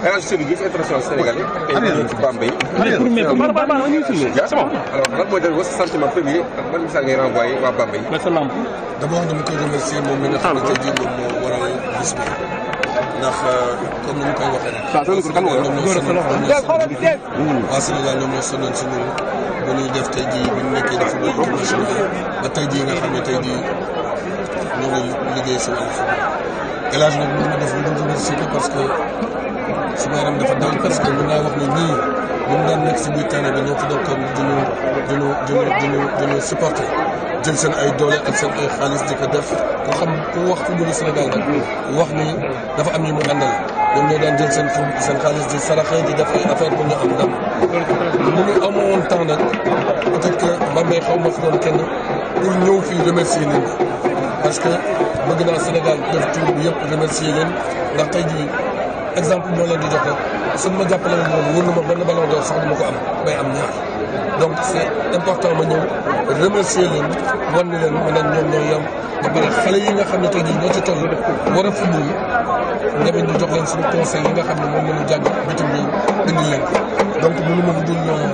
Elhadji Seyni Diouf international sénégalais. am ah, nañu ci Bambey. Ah, ah, c'est bon. alors lan mooy def sa sentiment premier ak ban message ngay renvoyé waa Bambey. d'abord dama koy remercier moom mi nga xamante ne moom moo waral bis bi ndax euh, comme ni mu koy waxee rek. waaw loolu kon ñoom ñoo sonal waa Sénégal ñoom ñoo sonal si ñun ba ñuy def tey jii bi mu nekkee dafa bëri international ba tey jii nga xam ne tey jii ñu ngi liggéey si wàllu football. Elhadji nag mën nga def lu dul remercier ko parce que. suma yaram dafa daan parce que mun naa wax ne ñii ñu mu nekk si biir bi ñoo ko doon toog di supporter jël ay doole ak seen ay xaalis di ko def ku xam ku wax footballu Sénégal nag wax ni dafa am ñu mu àndal ñoom ñoo daan jël seen seen xaalis di saraxee di def ay affaire pour ñu am ndam mu ngi amoon temps nag peut être que Bambey xaw ma fi doon ñëw fii remercier leen parce que bëgg naa Sénégal def tur bi yëpp remercier leen ndax tey jii exemple moo leen di jox rek ma jàppale woon noonu wër na ma benn sax ma ko am bay am ñaar donc c' est important ma ñëw remercier leen wan ne leen ma ne ñoom ñooy yem ba pare xale yi nga xam ne tey jii ñoo ci toll war a fubal ñebe ñu jox leen suñu conseil yi nga xam moom la ñu bitim réew indi donc mënu ma lu dul ñoo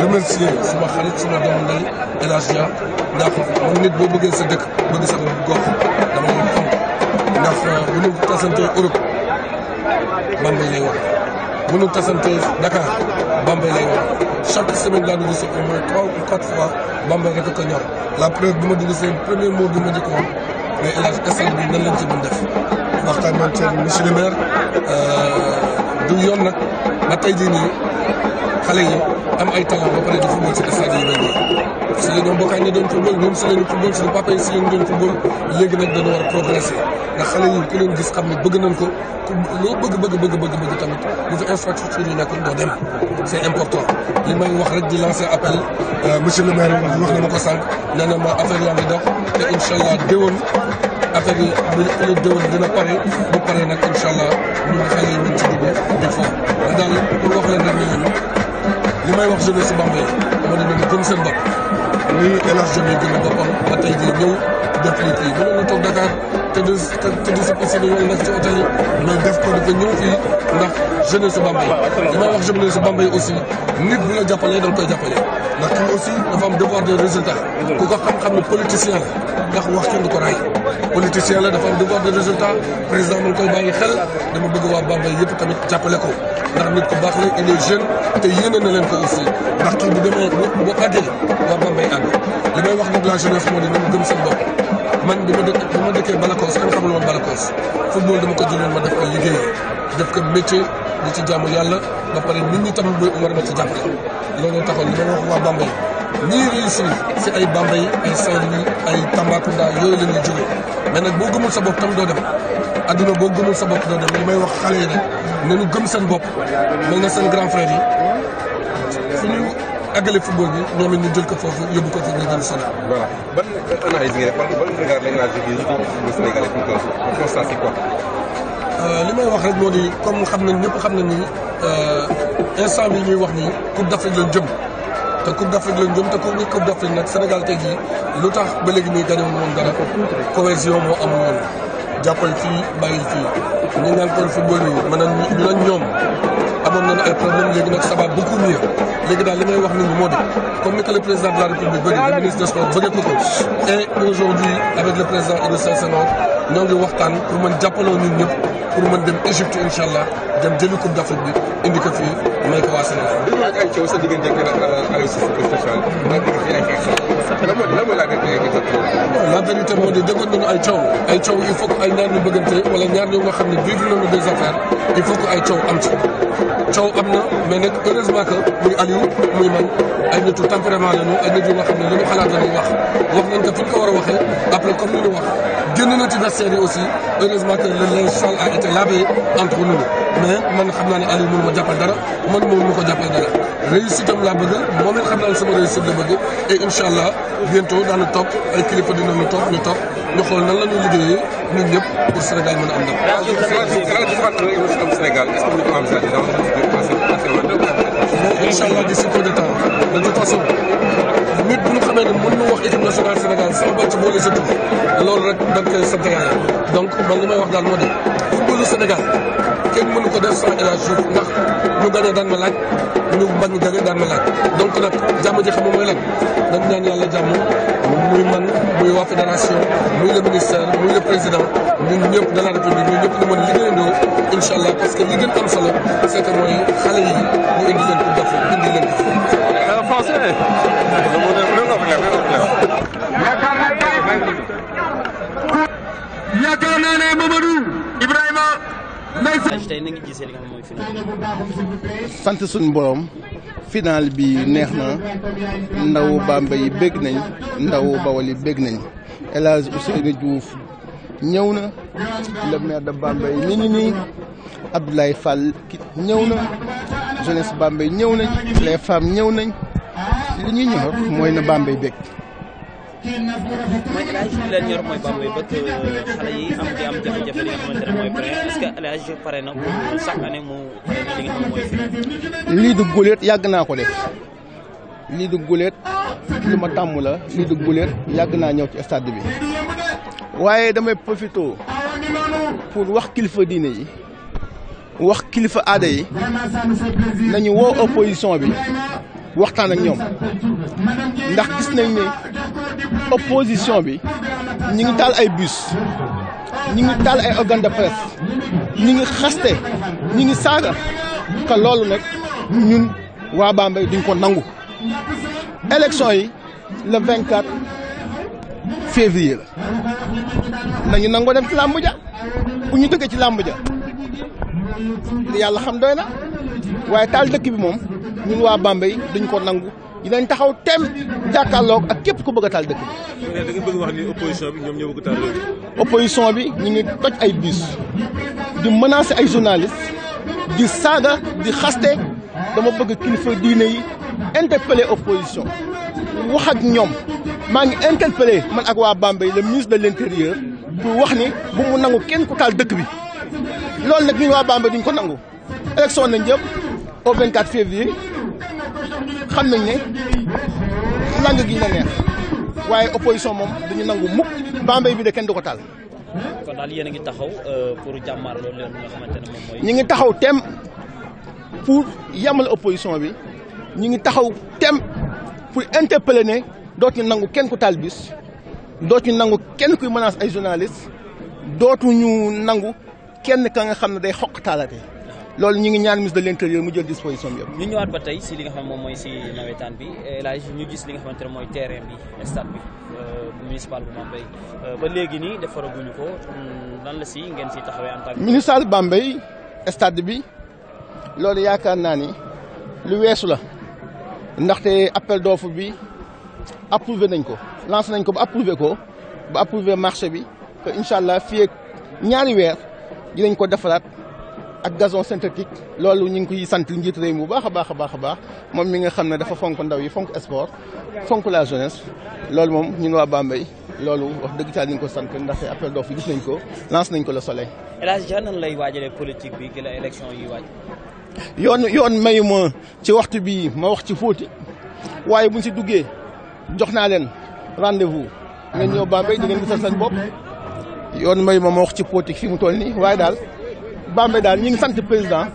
remercier suma xarit suma doomu ndey El Hadj Dia ndax man nit boo bëggee sa dëkk bëgg sa gox dama leen xam ndax euh, bu ñu tasantee Europe. Bambey lay wax mënul tasante Dakar Bambey lay wax chaque semaine laa dugg si au moins trois quatre fois Bambey rek a la preuve bi ma dugg seen premier mot bi ma njëkk woon mais El Hadj Kassam bi nan lañ ci xale yi am ay talent ba pare di football ci stade yi doon si la ñoom bokkaan ñi doon football ñoom si la ñu football yi si la ñu doon football léegi nag dañu war xale yi ku leen gis xam ne bëgg nañ ko loo bëgg bëgg bëgg bëgg bëgg tamit bu fi infrastructure yi nekkul doo dem c'est important li may wax rek di lancer appel euh, monsieur le maire wax na ma ko sànq nee na ma affaire yi bu déwoon dina pare bu pare nag incha allah ñun xale yi ñu ci dugg di wax leen rek ne leen li may wax jeunesse Bambey moo di nañu gëm seen bopp lii El Hadj Diouf gëm boppam ba tey jii ñëw def lii fii mënoon na toog Dakar te du te du si piscine wala nekk li may wax jeunesse Bambey aussi nit bu la jàppalee da nga koy jàppale ndax kii aussi dafa am devoir de résultat ku ko xam-xam ne politicien la ndax ko rey politicien la dafa am devoir de résultat président mu ngi koy bàyyi xel dama bëgg waa Bambey yëpp tamit jàppale ko ndax nit ku baax la il est jeune te yéene na leen ko aussi ndax kii bu demee bu bu àggee war na may li may wax nag la jeunesse moo di nañ gëm seen man bi ma dëkk bi ma dëkkee Balakos kenn xamul woon Balakos football dama ko jëloon ma def ko liggéey def ko métier di ci jaamu yàlla ba pare nit ñi tam war na ci jàppale loolu taxoon li may wax waa Bambey ñii réussir si ay Bambey ay Saint-Louis ay Tambacounda yooyu la ñuy jógee mais boo gëmul sa bopp tam doo dem adduna boo gëmul sa bopp doo dem li may wax xale yi rek nañu gëm bopp mel na seen grand frère yi fu ñu àggale football bi ñoom it ñu jël ko foofu yóbbu ko foofu ñu jël Sénégal. voilà ban euh, li may wax rek moo di comme xam nañ ñëpp xam ne ni euh, instant bi ñuy wax nii Coupe d'Afrique leen jëm. te Coupe daf lañ jëm te ku Coupe d'Afrique nag Sénégal tey jii lu tax ba léegi nii gañu moom dara cohésion moo am woon jàppal fii bàyyi fii ñu naan kon football yi maanaam ñu naan ñoom amoon nañu ay problème léegi nag ça va beaucoup mieux léegi wax nit ñi moo di comme ni que le président de la république bëgg le ministre des sports bëgg ko ko et aujourd'hui avec le président Idrissa Seck ñoo ngi waxtaan pour mën jàppaloo ñun ñëpp pour mën dem Égypte incha allah dem jëli coupe d'Afrique bi indi ko fii may ko waa Sénégal. dañu laaj ay coow sa diggante ak euh, Aliou Cissé prestation bi. la vérité moo di déggoon nañu ay coow. ay coow il faut que ay ñaar ñu bëggante wala ñaar ñoo nga xam ne vivre nañu des affaires il faut que ay coow am ci. coow am na mais nag heureusement que muy Aliou muy man ay nitu tempérament lañu ay nit yu nga xam ne li ñu xalaat lañu wax wax nañ ko fi ñu war a waxee après comme ni wax génn na ci vestiaire yi aussi heureusement que le linge sale a été lavé entre nous. mais man xam naa ne Aliou mënu ma jàppal dara man moom mu ko jàppal dara réussite am laa bëgg moom it xam naa ne sama réussite la bëgg et incha allah bientôt daanu topp ay kilifa dina ñu topp ñu topp ñu xool nan la ñuy liggéeyee ñun ñëpp pour Sénégal mën a am ndam. incha allah d'ici peu de de toute xamee ne mën na wax équipe nationale Sénégal sax ba ci boole sa tur loolu rek da nga koy sant yàlla donc man li may wax daal moo di footballu Sénégal kenn mënu ko def sans El Hadj Diouf ndax ñu gagné daan ma laaj ñu bañ gagné daan ma laaj donc nag jàmm ji xam nga mooy lan dañ ñaan yàlla jàmm muy man muy waa fédération muy le ministère muy le président ñun ñëpp de la république ñun ñëpp ñu mën liggéeyandoo incha allah parce que li gën am solo c'est que mooy xale yi ñu indi leen pour def indi leen ko commencé. suñ boroom ne. yaakaar naa ne Mamadou. Ibrahima. Ndeye tey na nga gisee li nga xam mooy final. sant suñu borom. final bi neex na ndaw Bamba yi bég nañ ndaw Bawol yi bég nañ El Hadj Ousseynou ñëw na le maire de Bambey mi ngi nii Abdoulaye Fall ñëw na jeunesse Bambey ñëw nañ les femmes ñëw nañ mooy na Bambey bég mooy euh, lii du guléet yàgg naa ko def lii du guléet lu ma tàmm la lii du guléet yàgg naa ñëw ci stade bi waaye damay profité pour wax kilifa diine yi wax kilifa aada yi nañu woo opposition bi waxtaan ak ñoom ndax gis nañ ne opposition bi ñi ngi taal ay biis ñi ngi taal ay organe de presse ñi ngi xaste ñi ngi saaga ka loolu nag ñun waa Bambey duñ ko nangu élection yi le 24 février nañu nangoo dem ci làmb ja bu ñu dëggee ci làmb ja yàlla xam doy na waaye taal dëkk bi moom ñun waa Bambey duñ ko nangu dinañ taxaw tem jàkkaarloog ak képp ku bëgg a taal dëkk bi. da wax ni opposition bi ñoom ñoo bëgg taal réew bi ñu ngi toj ay biis di menacer ay journalistes di saaga di xaste dama bëgg kilifa diine yi interpeller opposition wax ak ñoom maa ngi interpeller man ak waa Bambey le ministre de l'intérieur pour wax ni bu mu nangu kenn ku taal dëkk bi loolu nag ñun waa Bambey duñ ko nangu élection nañ jëm au 24 février. xam nañ ne langue gi ñu neex waaye opposition moom duñu nangu mukk Bambey bi de kenn du ko taal. kon yéen a ngi taxaw euh, pour jàmmarloo leen nga ne moom mooy. ñu ngi taxaw tem pour yamal opposition bi ñu ngi taxaw tem pour interpeller ne dootuñu nangu kenn ku taal bis dootuñu nangu kenn kuy menace ay journaliste dootuñu nangu kenn ka nga xam ne day xoq taalaate. loolu ñu ngi ñaan ministre de l' intérieur mu jël disposition bi yëpp. ñu ñëwaat ba tey si li nga xam moom mooy si nawetaan bi El Hadj ñu gis li nga xamante ne mooy terrain bi stade bi euh, municipal bu Bambey euh, ba léegi nii defaraguñu ko hmm, lan la si ngeen si taxawee en tant que. municipal Bambey stade bi loolu yaakaar naa ni lu weesu la ndaxte appel d'offre bi approuvé nañ ko lancé nañ ko ba approuvé ko ba approuvé marché bi que incha allah fii ak ñaari weer dinañ ko defaraat. ak gazon synthétique loolu ñu ngi koy sant njiit réew mi bu baax a baax a baax a baax moom mi nga xam ne dafa fonk ndaw yi fonk sport fonk la jeunesse loolu moom ñun waa Bambey loolu wax dëgg caa ñu ngi ko sant ndaxte appel d'offres gis nañ ko lance nañ ko la soleil. El Hadj Dia nan lay bi gi la élection yi waaj. yoon yoon mayu ma ci waxtu bi ma wax ci fóoti waaye buñ si duggee jox naa leen rendez-vous ngeen ñëw Bambey di ngeen gisal seen bopp yoon mayu ma ma wax ci politique fi mu toll nii waaye daal. Bambey daal ñu ngi sant président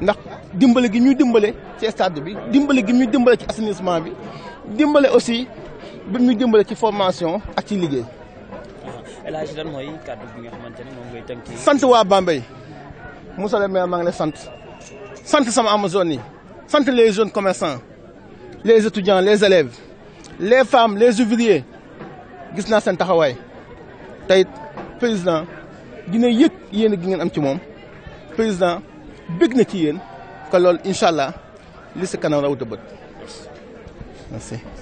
ndax dimbale gi ñuy dimbale ci stade bi dimbale gi ñuy dimbale ci assainissement bi dimbale aussi bi ñuy dimbale ci formation ak ci liggéey. lan mooy kàddu bi nga xamante ne moom ngay tënk sant waa Bambey Moussa le maire maa ngi la sant sant sama amazone yi sant les jeunes commerçants les étudiants les élèves les femmes les ouvriers gis naa seen taxawaay tey président dina yëg yéen a gi nga am ci moom. président bëgg na ci yéen que loolu incha allah li si kanam raw bët merci.